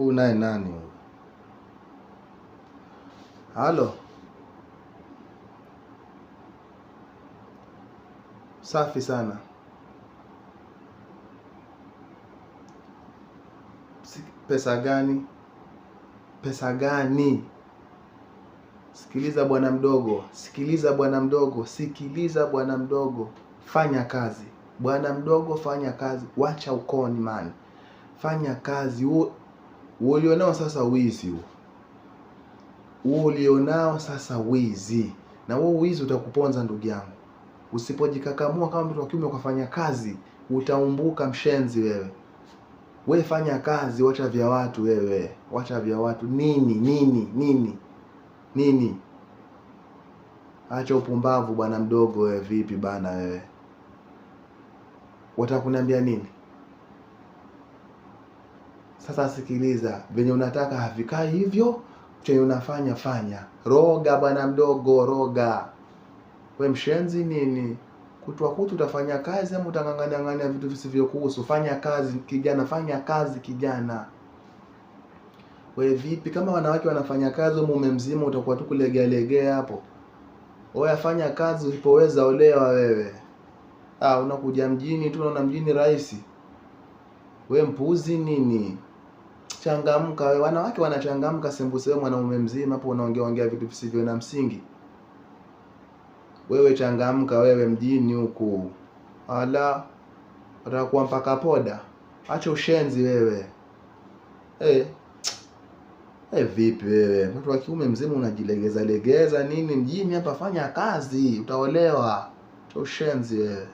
Huu naye nani? Halo, safi sana. Pesa gani? Pesa gani? Sikiliza bwana mdogo, sikiliza bwana mdogo, sikiliza bwana mdogo, fanya kazi bwana mdogo, fanya kazi, wacha ukoni man, fanya kazi. Uolionao sasa wizi huo, uolionao sasa wizi, na wewe wizi utakuponza ndugu yangu. Usipojikakamua kama mtu wa kiume ukafanya kazi, utaumbuka mshenzi wewe. We fanya kazi, wacha vya watu wewe, wacha vya watu nini nini nini nini. Acha upumbavu bwana mdogo wewe. Vipi bana wewe, watakuniambia nini? Sasa sikiliza, venye unataka havikai hivyo, chenye unafanya fanya. Roga bwana mdogo, roga. We mshenzi nini? Kutwa kutu utafanya kazi ama utang'ang'ania vitu visivyokuhusu? Fanya kazi kijana, fanya kazi kijana. We vipi kama wanawake wanafanya kazi, mume mzima utakuwa tu kulegea legea hapo? Wewe fanya kazi, usipoweza olewa wewe. Ah, unakuja mjini tu, unaona mjini rahisi. We mpuzi nini? changamka wewe. Wanawake wanachangamka sembuse, mwanaume mzima hapo unaongea ongea vitu visivyo na msingi. Wewe changamka wewe, mjini huku ala utakuwa mpaka poda. Acha ushenzi wewe. Eh, Hey, eh, vipi wewe mtu wa kiume mzima unajilegeza legeza nini mjini hapa? Fanya kazi, utaolewa. Acha ushenzi wewe.